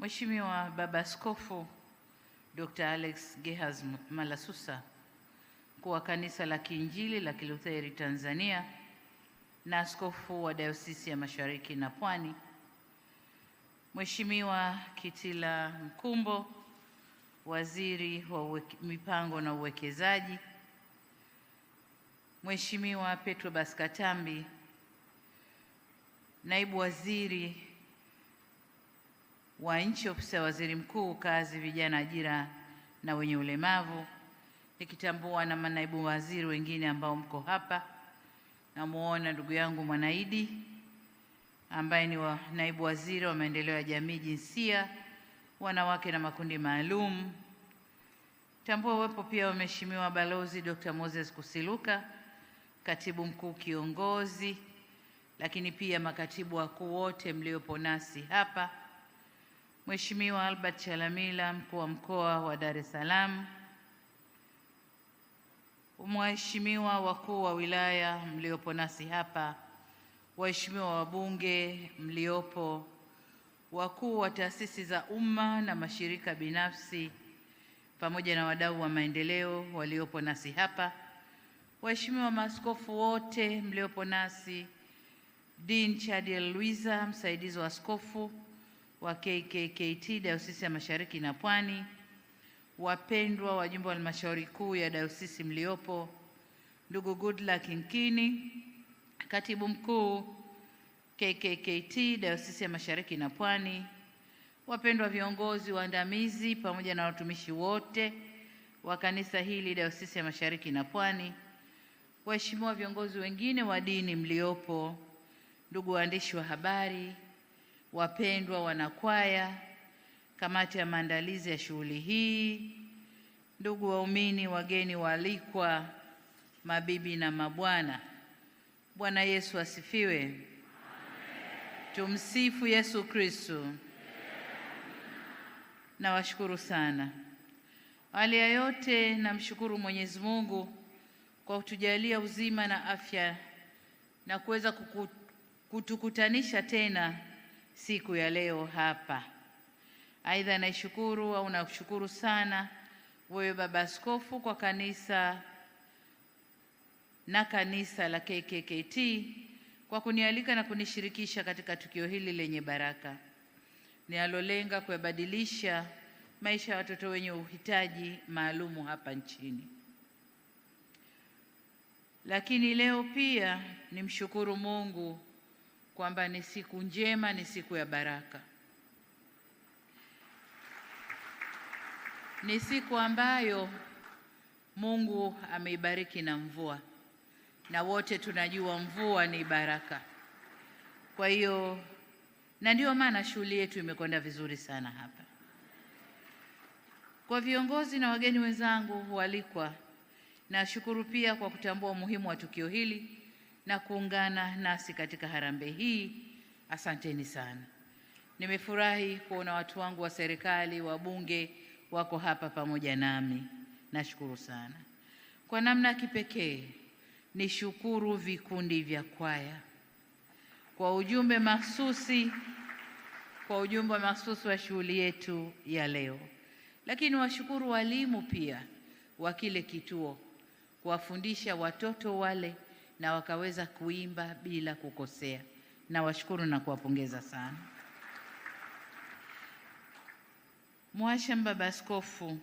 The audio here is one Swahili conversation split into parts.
Mheshimiwa Baba Askofu Dr. Alex Gehaz Malasusa, mkuu wa Kanisa la Kiinjili la Kilutheri Tanzania na askofu wa Dayosisi ya Mashariki na Pwani, Mheshimiwa Kitila Mkumbo, waziri wa uweke, mipango na uwekezaji, Mheshimiwa Petro Baskatambi, naibu waziri wa nchi ofisi ya waziri mkuu, kazi, vijana, ajira na wenye ulemavu, nikitambua na manaibu waziri wengine ambao mko hapa. Namuona ndugu yangu Mwanaidi ambaye ni wa naibu waziri wa maendeleo ya jamii, jinsia, wanawake na makundi maalum. Tambua uwepo pia wa Mheshimiwa Balozi Dr. Moses Kusiluka, katibu mkuu kiongozi, lakini pia makatibu wakuu wote mliopo nasi hapa Mheshimiwa Albert Chalamila, mkuu wa mkoa wa Dar es Salaam, Mheshimiwa wakuu wa wilaya mliopo nasi hapa, waheshimiwa wabunge mliopo, wakuu wa taasisi za umma na mashirika binafsi, pamoja na wadau wa maendeleo waliopo nasi hapa, waheshimiwa maaskofu wote mliopo nasi, Dean Chadiel Luiza, msaidizi wa askofu wa KKKT Dayosisi ya Mashariki na Pwani, wapendwa wajumbe wa halmashauri kuu ya dayosisi mliopo, ndugu Goodluck Nkini, katibu mkuu KKKT Dayosisi ya Mashariki na Pwani, wapendwa viongozi waandamizi pamoja na watumishi wote wa kanisa hili Dayosisi ya Mashariki na Pwani, waheshimiwa viongozi wengine wa dini mliopo, ndugu waandishi wa habari wapendwa wanakwaya, kamati ya maandalizi ya shughuli hii, ndugu waumini, wageni waalikwa, mabibi na mabwana, Bwana Yesu asifiwe. Amen. Tumsifu Yesu Kristo. Nawashukuru sana. Awali ya yote namshukuru Mwenyezi Mungu kwa kutujalia uzima na afya na kuweza kutukutanisha tena siku ya leo hapa. Aidha, naishukuru au nakushukuru sana wewe Baba Askofu kwa kanisa na kanisa la KKKT kwa kunialika na kunishirikisha katika tukio hili lenye baraka nialolenga kuyabadilisha maisha ya watoto wenye uhitaji maalumu hapa nchini. Lakini leo pia nimshukuru Mungu kwamba ni siku njema, ni siku ya baraka, ni siku ambayo Mungu ameibariki na mvua, na wote tunajua mvua ni baraka. Kwa hiyo na ndio maana shughuli yetu imekwenda vizuri sana hapa. Kwa viongozi na wageni wenzangu walikwa nashukuru pia kwa kutambua umuhimu wa tukio hili na kuungana nasi katika harambee hii. Asanteni sana. Nimefurahi kuona watu wangu wa serikali, wabunge wako hapa pamoja nami, nashukuru sana. Kwa namna kipekee nishukuru vikundi vya kwaya kwa ujumbe mahsusi kwa ujumbe mahsusi wa shughuli yetu ya leo, lakini washukuru walimu pia wa kile kituo kuwafundisha watoto wale na wakaweza kuimba bila kukosea. Nawashukuru na kuwapongeza sana. Mhashamu Baba Askofu,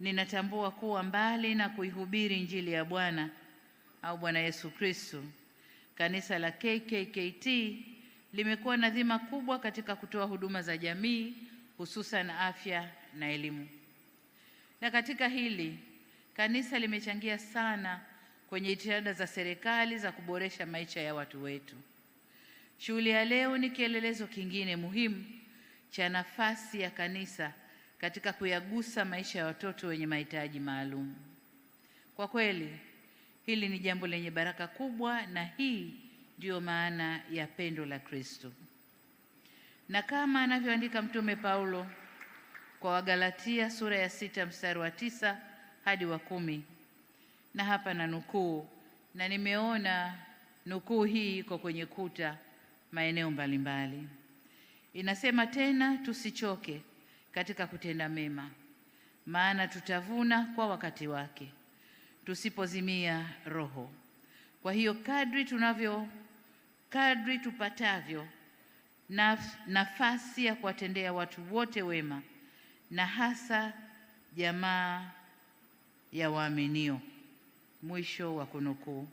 ninatambua kuwa mbali na kuihubiri Injili ya Bwana au Bwana Yesu Kristo, kanisa la KKKT limekuwa na dhima kubwa katika kutoa huduma za jamii, hususan afya na elimu. Na katika hili kanisa limechangia sana kwenye jitihada za serikali za kuboresha maisha ya watu wetu. Shughuli ya leo ni kielelezo kingine muhimu cha nafasi ya kanisa katika kuyagusa maisha ya watoto wenye mahitaji maalum. Kwa kweli hili ni jambo lenye baraka kubwa, na hii ndiyo maana ya pendo la Kristo. Na kama anavyoandika Mtume Paulo kwa Wagalatia sura ya sita mstari wa tisa hadi wa kumi na hapa na nukuu, na nimeona nukuu hii iko kwenye kuta maeneo mbalimbali. Inasema tena, tusichoke katika kutenda mema, maana tutavuna kwa wakati wake tusipozimia roho. Kwa hiyo kadri tunavyo kadri tupatavyo naf, nafasi ya kuwatendea watu wote wema na hasa jamaa ya waaminio. Mwisho wa kunukuu.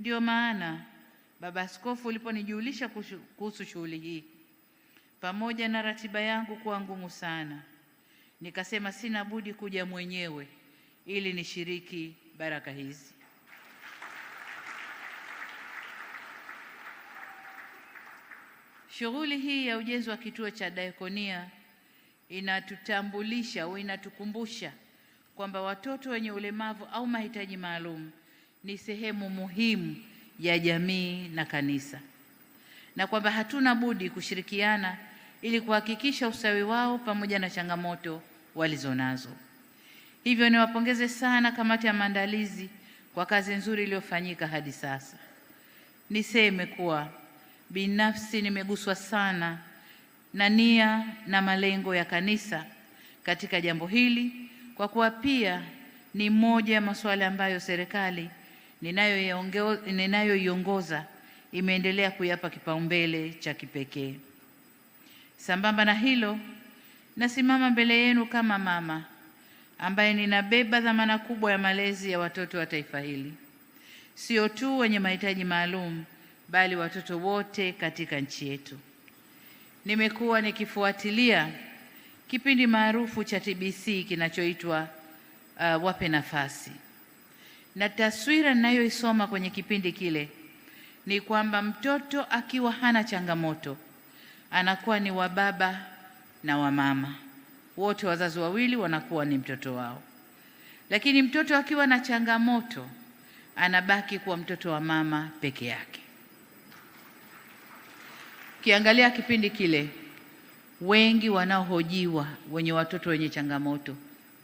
Ndiyo maana Baba Askofu, uliponijulisha kuhusu shughuli hii, pamoja na ratiba yangu kuwa ngumu sana, nikasema sina budi kuja mwenyewe ili nishiriki baraka hizi. Shughuli hii ya ujenzi wa kituo cha diakonia inatutambulisha au inatukumbusha kwamba watoto wenye ulemavu au mahitaji maalum ni sehemu muhimu ya jamii na kanisa, na kwamba hatuna budi kushirikiana ili kuhakikisha ustawi wao pamoja na changamoto walizonazo. Hivyo niwapongeze sana kamati ya maandalizi kwa kazi nzuri iliyofanyika hadi sasa. Niseme kuwa binafsi nimeguswa sana na nia na malengo ya kanisa katika jambo hili kwa kuwa pia ni moja ya masuala ambayo serikali ninayoiongoza imeendelea kuyapa kipaumbele cha kipekee. Sambamba na hilo, nasimama mbele yenu kama mama ambaye ninabeba dhamana kubwa ya malezi ya watoto wa taifa hili, sio tu wenye mahitaji maalum, bali watoto wote katika nchi yetu. Nimekuwa nikifuatilia kipindi maarufu cha TBC kinachoitwa uh, wape nafasi, na taswira ninayoisoma kwenye kipindi kile ni kwamba mtoto akiwa hana changamoto anakuwa ni wa baba na wa mama, wote wazazi wawili wanakuwa ni mtoto wao, lakini mtoto akiwa na changamoto anabaki kuwa mtoto wa mama peke yake. kiangalia kipindi kile wengi wanaohojiwa wenye watoto wenye changamoto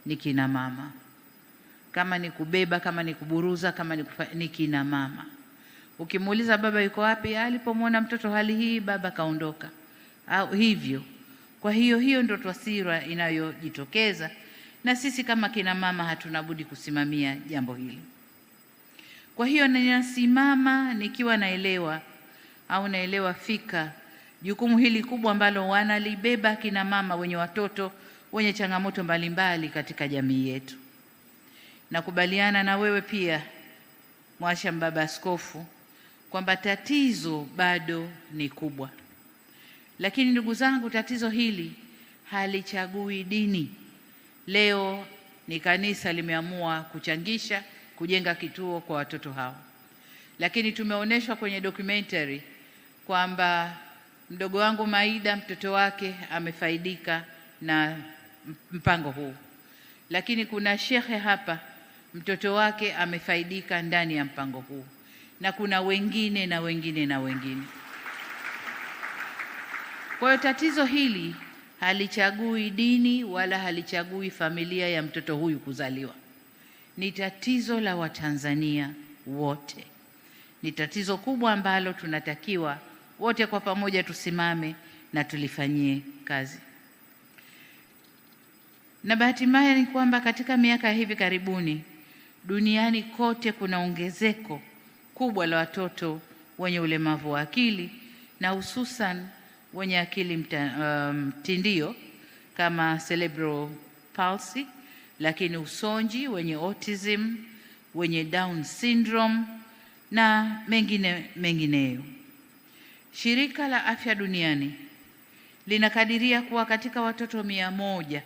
ni kina mama, kama ni kubeba, kama ni kuburuza, kama ni, kufa, ni kina mama. Ukimuuliza baba yuko wapi, alipomwona mtoto hali hii baba kaondoka, au hivyo. Kwa hiyo hiyo ndio taswira inayojitokeza, na sisi kama kina mama hatuna budi kusimamia jambo hili. Kwa hiyo ninasimama nikiwa naelewa au naelewa fika Jukumu hili kubwa ambalo wanalibeba kina mama wenye watoto wenye changamoto mbalimbali katika jamii yetu. Nakubaliana na wewe pia Mwasha Baba Askofu, kwamba tatizo bado ni kubwa, lakini ndugu zangu, tatizo hili halichagui dini. Leo ni kanisa limeamua kuchangisha kujenga kituo kwa watoto hawa, lakini tumeonyeshwa kwenye documentary kwamba Mdogo wangu Maida mtoto wake amefaidika na mpango huu, lakini kuna shekhe hapa mtoto wake amefaidika ndani ya mpango huu, na kuna wengine na wengine na wengine. Kwa hiyo tatizo hili halichagui dini wala halichagui familia ya mtoto huyu kuzaliwa. Ni tatizo la Watanzania wote, ni tatizo kubwa ambalo tunatakiwa wote kwa pamoja tusimame na tulifanyie kazi. Na bahati mbaya ni kwamba katika miaka hivi karibuni duniani kote kuna ongezeko kubwa la watoto wenye ulemavu wa akili na hususan wenye akili mtindio um, kama cerebral palsy, lakini usonji, wenye autism, wenye Down syndrome na mengine mengineyo. Shirika la Afya Duniani linakadiria kuwa katika watoto mia moja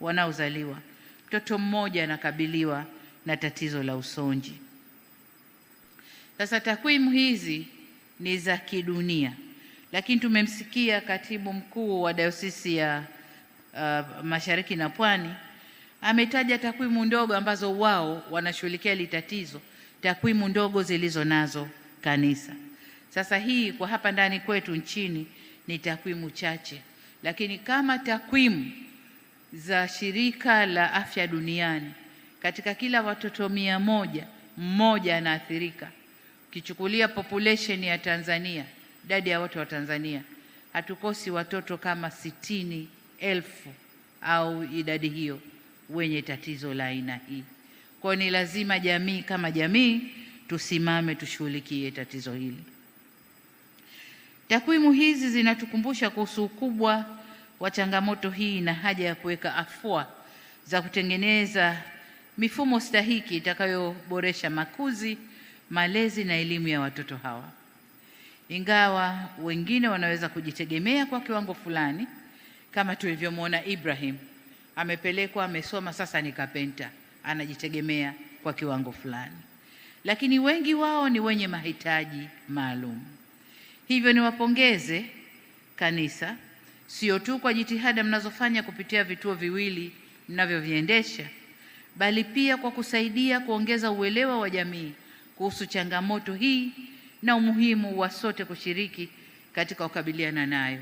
wanaozaliwa, mtoto mmoja anakabiliwa na tatizo la usonji. Sasa takwimu hizi ni za kidunia, lakini tumemsikia katibu mkuu wa dayosisi ya uh, Mashariki na Pwani ametaja takwimu ndogo ambazo wao wanashughulikia hili tatizo, takwimu ndogo zilizo nazo kanisa. Sasa hii kwa hapa ndani kwetu nchini ni takwimu chache, lakini kama takwimu za shirika la afya duniani, katika kila watoto mia moja mmoja anaathirika. Ukichukulia population ya Tanzania, idadi ya watu wa Tanzania, hatukosi watoto kama sitini elfu au idadi hiyo wenye tatizo la aina hii. Kwa ni lazima jamii kama jamii tusimame tushughulikie tatizo hili. Takwimu hizi zinatukumbusha kuhusu ukubwa wa changamoto hii na haja ya kuweka afua za kutengeneza mifumo stahiki itakayoboresha makuzi, malezi na elimu ya watoto hawa. Ingawa wengine wanaweza kujitegemea kwa kiwango fulani, kama tulivyomwona Ibrahim amepelekwa, amesoma, sasa ni kapenta, anajitegemea kwa kiwango fulani, lakini wengi wao ni wenye mahitaji maalum. Hivyo niwapongeze kanisa sio tu kwa jitihada mnazofanya kupitia vituo viwili mnavyoviendesha, bali pia kwa kusaidia kuongeza uelewa wa jamii kuhusu changamoto hii na umuhimu wa sote kushiriki katika kukabiliana nayo.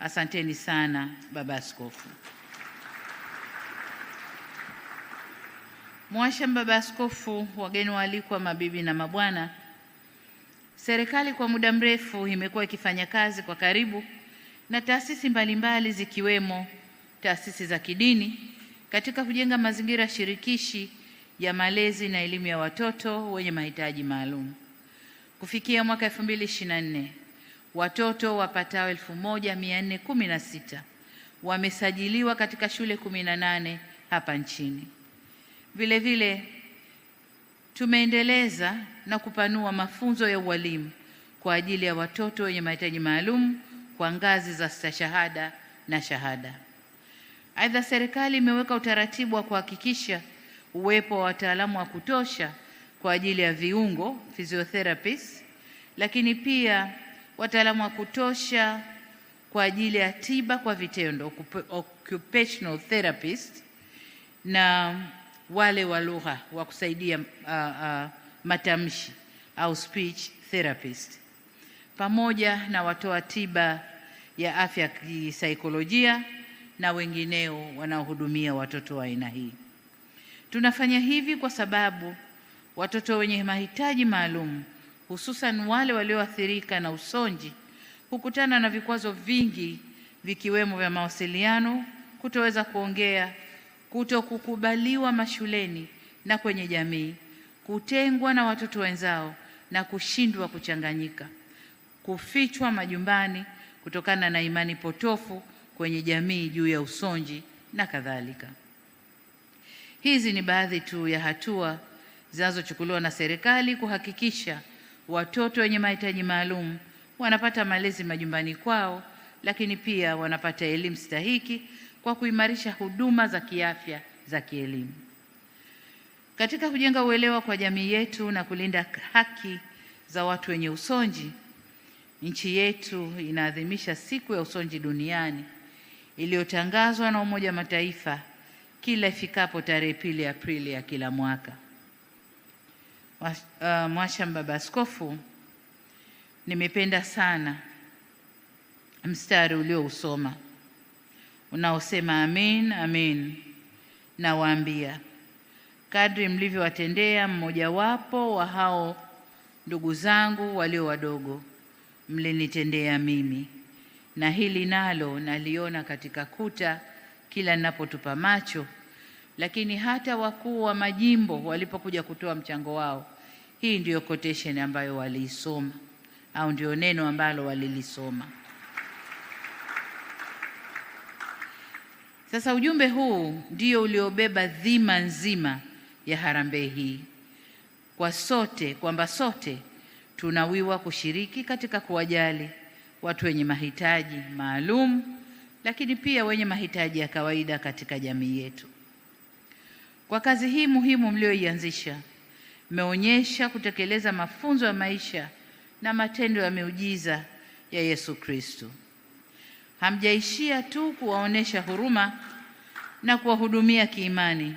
Asanteni sana Baba Askofu. mwasham Baba Askofu, wageni waalikwa, mabibi na mabwana, Serikali kwa muda mrefu imekuwa ikifanya kazi kwa karibu na taasisi mbalimbali zikiwemo taasisi za kidini katika kujenga mazingira shirikishi ya malezi na elimu ya watoto wenye mahitaji maalum. Kufikia mwaka 2024, watoto wapatao 1416 wamesajiliwa katika shule 18 hapa nchini. Vilevile Tumeendeleza na kupanua mafunzo ya ualimu kwa ajili ya watoto wenye mahitaji maalum kwa ngazi za stashahada na shahada. Aidha, serikali imeweka utaratibu wa kuhakikisha uwepo wa wataalamu wa kutosha kwa ajili ya viungo physiotherapists, lakini pia wataalamu wa kutosha kwa ajili ya tiba kwa vitendo occupational therapists na wale wa lugha wa kusaidia uh, uh, matamshi au speech therapist, pamoja na watoa tiba ya afya kisaikolojia na wengineo wanaohudumia watoto wa aina hii. Tunafanya hivi kwa sababu watoto wenye mahitaji maalum, hususan wale walioathirika na usonji, hukutana na vikwazo vingi vikiwemo vya mawasiliano, kutoweza kuongea kutokukubaliwa mashuleni na kwenye jamii, kutengwa na watoto wenzao na kushindwa kuchanganyika, kufichwa majumbani kutokana na imani potofu kwenye jamii juu ya usonji na kadhalika. Hizi ni baadhi tu ya hatua zinazochukuliwa na serikali kuhakikisha watoto wenye mahitaji maalum wanapata malezi majumbani kwao, lakini pia wanapata elimu stahiki kwa kuimarisha huduma za kiafya za kielimu. Katika kujenga uelewa kwa jamii yetu na kulinda haki za watu wenye usonji, nchi yetu inaadhimisha siku ya usonji duniani iliyotangazwa na Umoja wa Mataifa kila ifikapo tarehe pili Aprili ya kila mwaka. Uh, Mwasham, Baba Askofu, nimependa sana mstari uliousoma unaosema amin amin. Nawaambia, kadri mlivyowatendea mmojawapo wa hao ndugu zangu walio wadogo, mlinitendea mimi. Na hili nalo naliona katika kuta kila ninapotupa macho, lakini hata wakuu wa majimbo walipokuja kutoa mchango wao, hii ndiyo quotation ambayo waliisoma au ndio neno ambalo walilisoma. Sasa ujumbe huu ndio uliobeba dhima nzima ya harambee hii kwa sote, kwamba sote tunawiwa kushiriki katika kuwajali watu wenye mahitaji maalum, lakini pia wenye mahitaji ya kawaida katika jamii yetu. Kwa kazi hii muhimu mlioianzisha, mmeonyesha kutekeleza mafunzo ya maisha na matendo ya miujiza ya Yesu Kristo hamjaishia tu kuwaonesha huruma na kuwahudumia kiimani,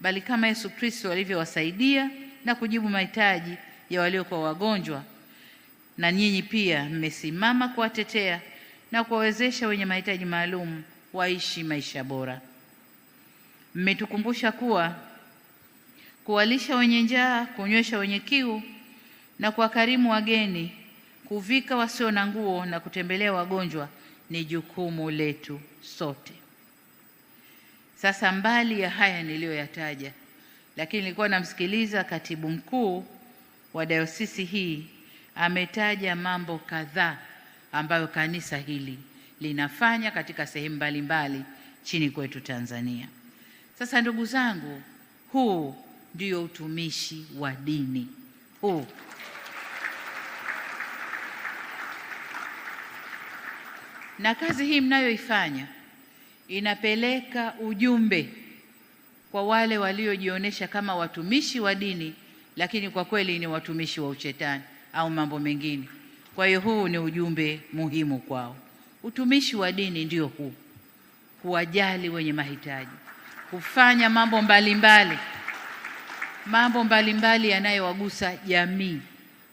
bali kama Yesu Kristo alivyowasaidia na kujibu mahitaji ya waliokuwa wagonjwa, na nyinyi pia mmesimama kuwatetea na kuwawezesha wenye mahitaji maalum waishi maisha bora. Mmetukumbusha kuwa kuwalisha wenye njaa, kunywesha wenye kiu na kuwakarimu wageni, kuvika wasio na nguo na kutembelea wagonjwa ni jukumu letu sote. Sasa, mbali ya haya niliyoyataja, lakini nilikuwa namsikiliza katibu mkuu wa dayosisi hii, ametaja mambo kadhaa ambayo kanisa hili linafanya katika sehemu mbalimbali chini kwetu Tanzania. Sasa ndugu zangu, huu ndio utumishi wa dini huu na kazi hii mnayoifanya inapeleka ujumbe kwa wale waliojionyesha kama watumishi wa dini, lakini kwa kweli ni watumishi wa ushetani au mambo mengine. Kwa hiyo huu ni ujumbe muhimu kwao. Utumishi wa dini ndio huu, kuwajali wenye mahitaji, kufanya mambo mbalimbali mbali, mambo mbalimbali yanayowagusa jamii,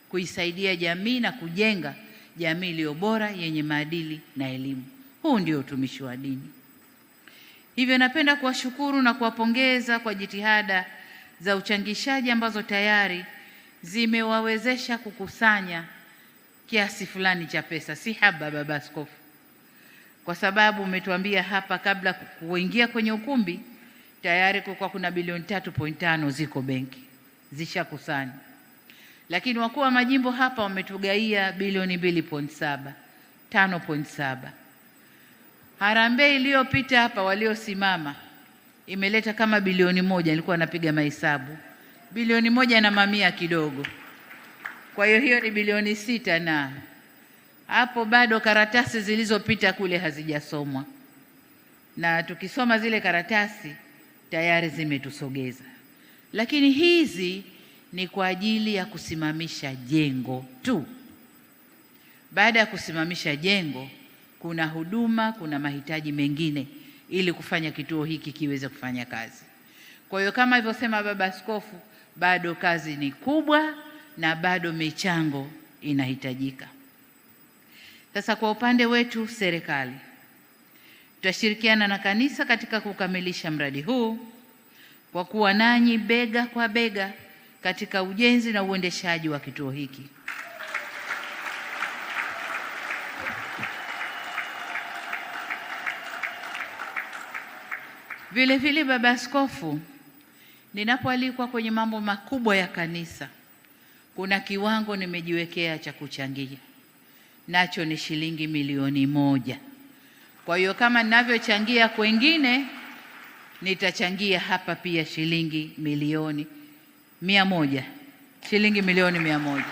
kuisaidia jamii na kujenga jamii iliyo bora yenye maadili na elimu. Huu ndio utumishi wa dini. Hivyo napenda kuwashukuru na kuwapongeza kwa jitihada za uchangishaji ambazo tayari zimewawezesha kukusanya kiasi fulani cha pesa. Si haba, Baba Askofu, kwa sababu umetuambia hapa kabla kuingia kwenye ukumbi tayari kulikuwa kuna bilioni 3.5 ziko benki zishakusanya lakini wakuu wa majimbo hapa wametugaia bilioni 2.7 5.7. Harambee iliyopita hapa waliosimama imeleta kama bilioni moja, nilikuwa napiga mahesabu, bilioni moja na mamia kidogo. Kwa hiyo hiyo ni bilioni sita, na hapo bado karatasi zilizopita kule hazijasomwa, na tukisoma zile karatasi tayari zimetusogeza, lakini hizi ni kwa ajili ya kusimamisha jengo tu. Baada ya kusimamisha jengo, kuna huduma, kuna mahitaji mengine ili kufanya kituo hiki kiweze kufanya kazi. Kwa hiyo kama alivyosema Baba Askofu, bado kazi ni kubwa na bado michango inahitajika. Sasa kwa upande wetu serikali, tutashirikiana na kanisa katika kukamilisha mradi huu kwa kuwa nanyi bega kwa bega katika ujenzi na uendeshaji wa kituo hiki. Vile vile, Baba Askofu, ninapoalikwa kwenye mambo makubwa ya kanisa, kuna kiwango nimejiwekea cha kuchangia nacho ni shilingi milioni moja. Kwa hiyo kama ninavyochangia kwengine, nitachangia hapa pia shilingi milioni mia moja shilingi milioni mia moja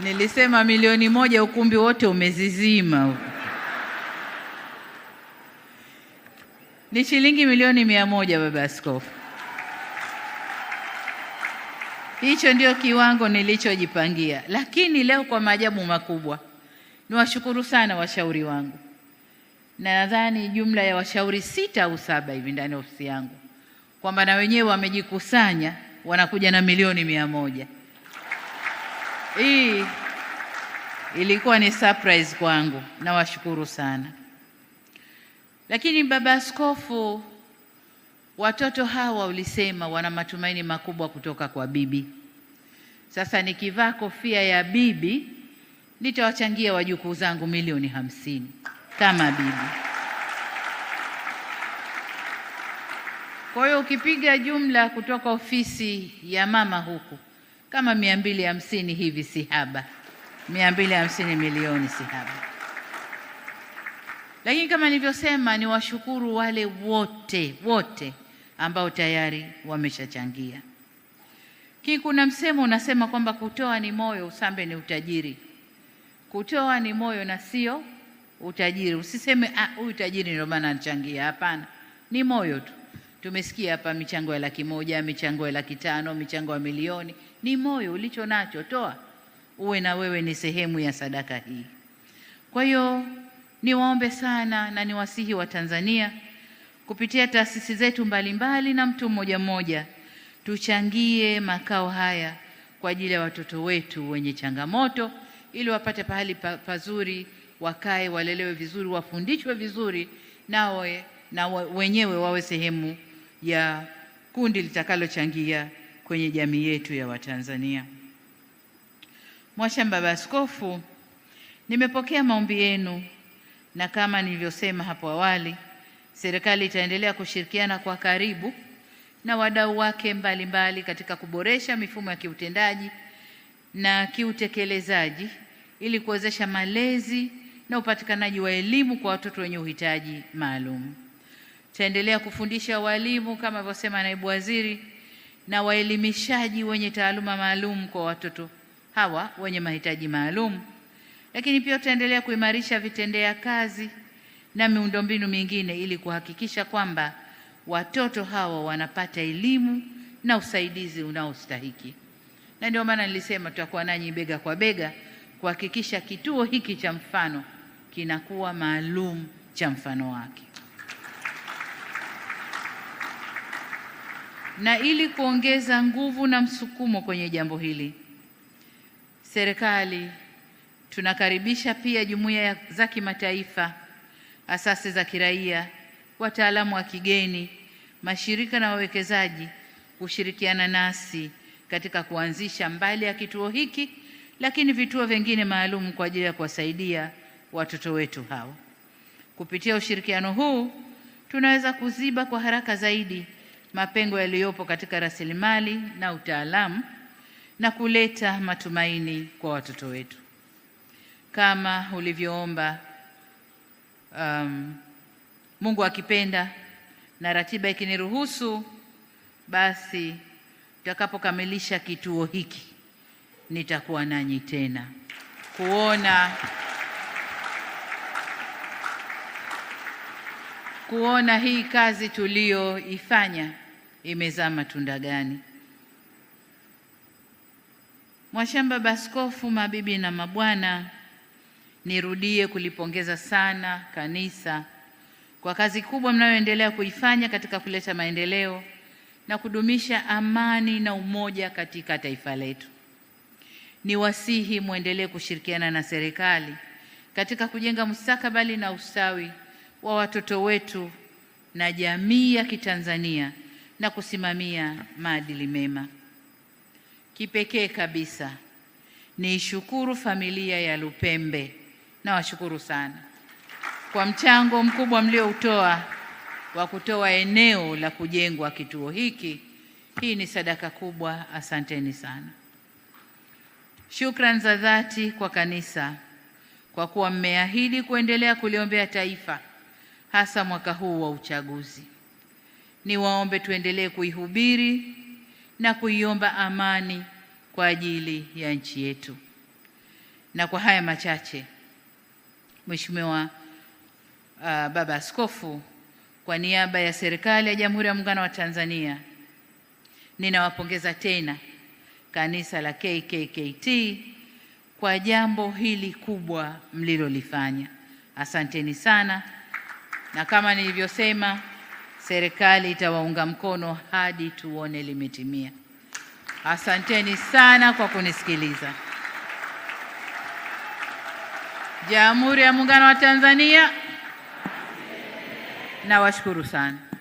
Nilisema milioni moja, ukumbi wote umezizima. Ni shilingi milioni mia moja, baba askofu. Hicho ndio kiwango nilichojipangia, lakini leo kwa maajabu makubwa, niwashukuru sana washauri wangu na nadhani jumla ya washauri sita au saba hivi ndani ya ofisi yangu, kwamba na wenyewe wamejikusanya wanakuja na milioni mia moja. Hii ilikuwa ni surprise kwangu, nawashukuru sana. Lakini baba askofu, watoto hawa ulisema wana matumaini makubwa kutoka kwa bibi. Sasa nikivaa kofia ya bibi nitawachangia wajukuu zangu milioni hamsini kama bibi. Kwa hiyo ukipiga jumla kutoka ofisi ya mama huku kama mia mbili hamsini hivi, si haba, mia mbili hamsini milioni si haba. Lakini kama nilivyosema, ni washukuru wale wote wote ambao tayari wameshachangia. Lakini kuna msemo unasema kwamba kutoa ni moyo, usambe ni utajiri. Kutoa ni moyo na sio utajiri. Usiseme ah, huyu tajiri ndio maana anachangia, hapana, ni moyo tu. Tumesikia hapa michango ya laki moja, michango ya laki tano, michango ya milioni. Ni moyo ulicho nacho, toa uwe na wewe ni sehemu ya sadaka hii. Kwa hiyo niwaombe sana na niwasihi wa Tanzania kupitia taasisi zetu mbalimbali mbali na mtu mmoja mmoja, tuchangie makao haya kwa ajili ya watoto wetu wenye changamoto ili wapate pahali pazuri wakae, walelewe vizuri, wafundishwe vizuri, nao na wenyewe wawe sehemu ya kundi litakalochangia kwenye jamii yetu ya Watanzania. Mwashamba, Baba Askofu, nimepokea maombi yenu na kama nilivyosema hapo awali, serikali itaendelea kushirikiana kwa karibu na wadau wake mbalimbali mbali katika kuboresha mifumo ya kiutendaji na kiutekelezaji ili kuwezesha malezi na upatikanaji wa elimu kwa watoto wenye uhitaji maalum. Tutaendelea kufundisha walimu kama alivyosema naibu waziri na waelimishaji wenye taaluma maalum kwa watoto hawa wenye mahitaji maalum, lakini pia tutaendelea kuimarisha vitendea kazi na miundombinu mingine ili kuhakikisha kwamba watoto hawa wanapata elimu na usaidizi unaostahiki. Na ndio maana nilisema tutakuwa nanyi bega kwa bega kuhakikisha kituo hiki cha mfano kinakuwa maalum cha mfano wake. Na ili kuongeza nguvu na msukumo kwenye jambo hili, serikali tunakaribisha pia jumuiya za kimataifa, asasi za kiraia, wataalamu wa kigeni, mashirika na wawekezaji kushirikiana nasi katika kuanzisha mbali ya kituo hiki, lakini vituo vingine maalum kwa ajili ya kuwasaidia watoto wetu hawa. Kupitia ushirikiano huu tunaweza kuziba kwa haraka zaidi mapengo yaliyopo katika rasilimali na utaalamu na kuleta matumaini kwa watoto wetu. Kama ulivyoomba, um, Mungu akipenda na ratiba ikiniruhusu, basi tutakapokamilisha kituo hiki nitakuwa nanyi tena kuona kuona hii kazi tuliyoifanya imezaa matunda gani. Mwashamba Baskofu, mabibi na mabwana, nirudie kulipongeza sana kanisa kwa kazi kubwa mnayoendelea kuifanya katika kuleta maendeleo na kudumisha amani na umoja katika taifa letu. Niwasihi mwendelee kushirikiana na serikali katika kujenga mustakabali na ustawi wa watoto wetu na jamii ya Kitanzania na kusimamia maadili mema. Kipekee kabisa niishukuru familia ya Lupembe, nawashukuru sana kwa mchango mkubwa mlioutoa wa kutoa eneo la kujengwa kituo hiki. Hii ni sadaka kubwa, asanteni sana. Shukrani za dhati kwa kanisa kwa kuwa mmeahidi kuendelea kuliombea taifa hasa mwaka huu wa uchaguzi. Niwaombe tuendelee kuihubiri na kuiomba amani kwa ajili ya nchi yetu. Na kwa haya machache, Mheshimiwa uh, Baba Askofu, kwa niaba ya serikali ya Jamhuri ya Muungano wa Tanzania ninawapongeza tena kanisa la KKKT kwa jambo hili kubwa mlilolifanya. Asanteni sana na kama nilivyosema, serikali itawaunga mkono hadi tuone limetimia. Asanteni sana kwa kunisikiliza. Jamhuri ya Muungano wa Tanzania, nawashukuru sana.